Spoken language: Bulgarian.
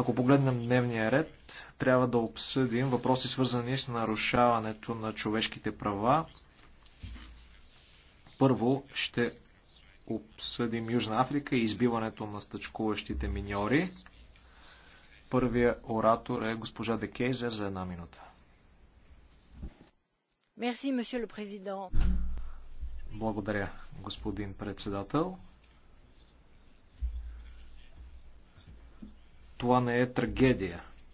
Ако погледнем дневния ред, трябва да обсъдим въпроси свързани с нарушаването на човешките права. Първо ще обсъдим Южна Африка и избиването на стъчкуващите миньори. Първия оратор е госпожа Декейзер за една минута. Благодаря, господин председател. това не е трагедия.